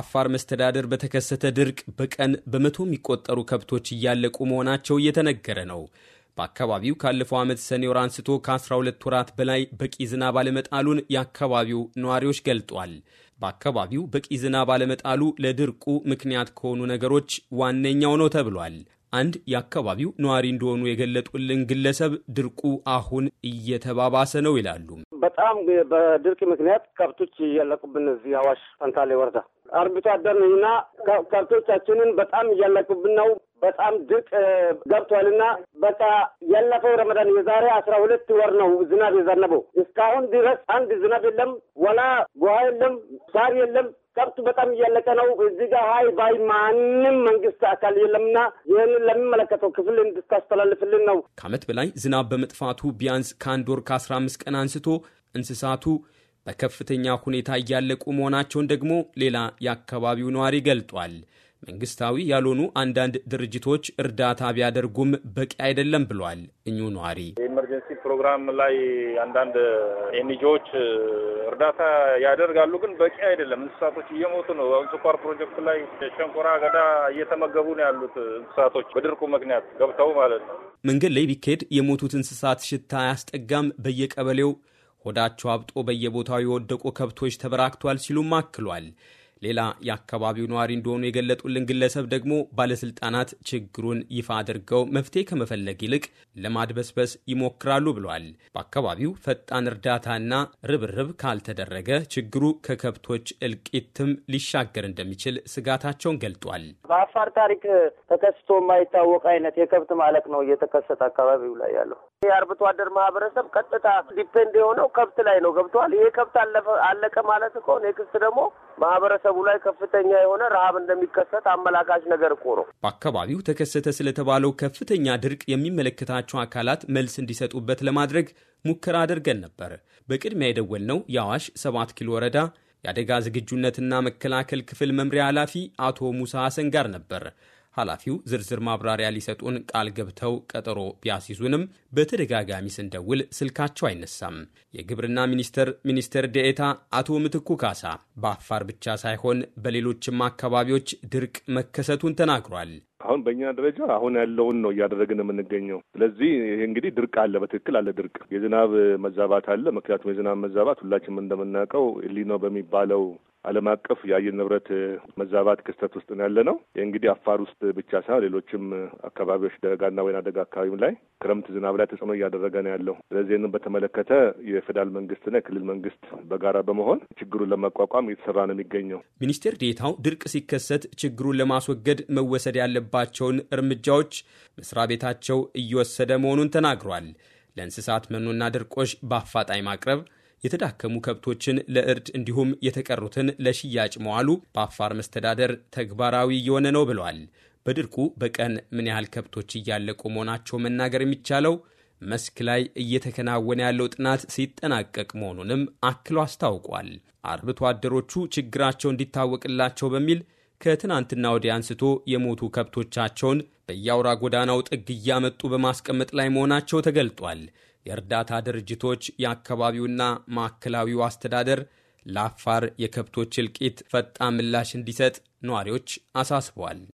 አፋር መስተዳደር በተከሰተ ድርቅ በቀን በመቶ የሚቆጠሩ ከብቶች እያለቁ መሆናቸው እየተነገረ ነው። በአካባቢው ካለፈው ዓመት ሰኔ ወር አንስቶ ከ12 ወራት በላይ በቂ ዝናብ አለመጣሉን የአካባቢው ነዋሪዎች ገልጧል። በአካባቢው በቂ ዝናብ አለመጣሉ ለድርቁ ምክንያት ከሆኑ ነገሮች ዋነኛው ነው ተብሏል። አንድ የአካባቢው ነዋሪ እንደሆኑ የገለጡልን ግለሰብ ድርቁ አሁን እየተባባሰ ነው ይላሉ። በጣም በድርቅ ምክንያት ከብቶች እያለቁብን እዚህ አዋሽ ፈንታሌ ወረዳ አርብቶ አደርና ከብቶቻችንን በጣም እያለቁብን ነው። በጣም ድርቅ ገብቷልና በቃ ያለፈው ረመዳን የዛሬ አስራ ሁለት ወር ነው ዝናብ የዘነበው። እስካሁን ድረስ አንድ ዝናብ የለም፣ ወላ ውሃ የለም፣ ሳር የለም። ከብቱ በጣም እያለቀ ነው። እዚህ ጋር ሀይ ባይ ማንም መንግስት አካል የለምና ይህን ለሚመለከተው ክፍል እንድታስተላልፍልን ነው። ከዓመት በላይ ዝናብ በመጥፋቱ ቢያንስ ከአንድ ወር ከአስራ አምስት ቀን አንስቶ እንስሳቱ በከፍተኛ ሁኔታ እያለቁ መሆናቸውን ደግሞ ሌላ የአካባቢው ነዋሪ ገልጧል። መንግስታዊ ያልሆኑ አንዳንድ ድርጅቶች እርዳታ ቢያደርጉም በቂ አይደለም ብሏል እኚሁ ነዋሪ። ፕሮግራም ላይ አንዳንድ ኤንጂዎች እርዳታ ያደርጋሉ፣ ግን በቂ አይደለም። እንስሳቶች እየሞቱ ነው። አሁን ስኳር ፕሮጀክት ላይ ሸንኮራ አገዳ እየተመገቡ ነው ያሉት እንስሳቶች በድርቁ ምክንያት ገብተው ማለት ነው። መንገድ ላይ ቢካሄድ የሞቱት እንስሳት ሽታ አያስጠጋም። በየቀበሌው ሆዳቸው አብጦ በየቦታው የወደቁ ከብቶች ተበራክቷል ሲሉም አክሏል። ሌላ የአካባቢው ነዋሪ እንደሆኑ የገለጡልን ግለሰብ ደግሞ ባለስልጣናት ችግሩን ይፋ አድርገው መፍትሄ ከመፈለግ ይልቅ ለማድበስበስ ይሞክራሉ ብሏል። በአካባቢው ፈጣን እርዳታና ርብርብ ካልተደረገ ችግሩ ከከብቶች እልቂትም ሊሻገር እንደሚችል ስጋታቸውን ገልጧል። በአፋር ታሪክ ተከስቶ የማይታወቅ አይነት የከብት ማለቅ ነው እየተከሰተ አካባቢው ላይ ያለው የአርብቶ አደር ማህበረሰብ ቀጥታ ዲፔንድ የሆነው ከብት ላይ ነው ገብተዋል። ይሄ ከብት አለቀ ማለት እኮ ኔክስት ደግሞ ማህበረሰብ ህብረተሰቡ ላይ ከፍተኛ የሆነ ረሃብ እንደሚከሰት አመላካች ነገር እኮ ነው። በአካባቢው ተከሰተ ስለተባለው ከፍተኛ ድርቅ የሚመለከታቸው አካላት መልስ እንዲሰጡበት ለማድረግ ሙከራ አድርገን ነበር። በቅድሚያ የደወልነው የአዋሽ ሰባት ኪሎ ወረዳ የአደጋ ዝግጁነትና መከላከል ክፍል መምሪያ ኃላፊ አቶ ሙሳ ሀሰን ጋር ነበር። ኃላፊው ዝርዝር ማብራሪያ ሊሰጡን ቃል ገብተው ቀጠሮ ቢያስይዙንም በተደጋጋሚ ስንደውል ስልካቸው አይነሳም። የግብርና ሚኒስቴር ሚኒስትር ዴኤታ አቶ ምትኩ ካሳ በአፋር ብቻ ሳይሆን በሌሎችም አካባቢዎች ድርቅ መከሰቱን ተናግሯል። አሁን በእኛ ደረጃ አሁን ያለውን ነው እያደረግን የምንገኘው። ስለዚህ ይህ እንግዲህ ድርቅ አለ፣ በትክክል አለ ድርቅ። የዝናብ መዛባት አለ። ምክንያቱም የዝናብ መዛባት ሁላችንም እንደምናውቀው ሊኖ በሚባለው ዓለም አቀፍ የአየር ንብረት መዛባት ክስተት ውስጥ ነው ያለ ነው። እንግዲህ አፋር ውስጥ ብቻ ሳይሆን ሌሎችም አካባቢዎች ደጋና ወይና ደጋ አካባቢም ላይ ክረምት ዝናብ ላይ ተጽዕኖ እያደረገ ነው ያለው። ስለዚህ ይህንን በተመለከተ የፌዴራል መንግስትና የክልል መንግስት በጋራ በመሆን ችግሩን ለመቋቋም እየተሰራ ነው የሚገኘው። ሚኒስቴር ዴታው ድርቅ ሲከሰት ችግሩን ለማስወገድ መወሰድ ያለባቸውን እርምጃዎች መስሪያ ቤታቸው እየወሰደ መሆኑን ተናግሯል። ለእንስሳት መኖና ድርቆሽ በአፋጣኝ ማቅረብ የተዳከሙ ከብቶችን ለእርድ እንዲሁም የተቀሩትን ለሽያጭ መዋሉ በአፋር መስተዳደር ተግባራዊ እየሆነ ነው ብለዋል። በድርቁ በቀን ምን ያህል ከብቶች እያለቁ መሆናቸው መናገር የሚቻለው መስክ ላይ እየተከናወነ ያለው ጥናት ሲጠናቀቅ መሆኑንም አክሎ አስታውቋል። አርብቶ አደሮቹ ችግራቸው እንዲታወቅላቸው በሚል ከትናንትና ወዲያ አንስቶ የሞቱ ከብቶቻቸውን በየአውራ ጎዳናው ጥግ እያመጡ በማስቀመጥ ላይ መሆናቸው ተገልጧል። የእርዳታ ድርጅቶች፣ የአካባቢውና ማዕከላዊው አስተዳደር ለአፋር የከብቶች እልቂት ፈጣን ምላሽ እንዲሰጥ ነዋሪዎች አሳስበዋል።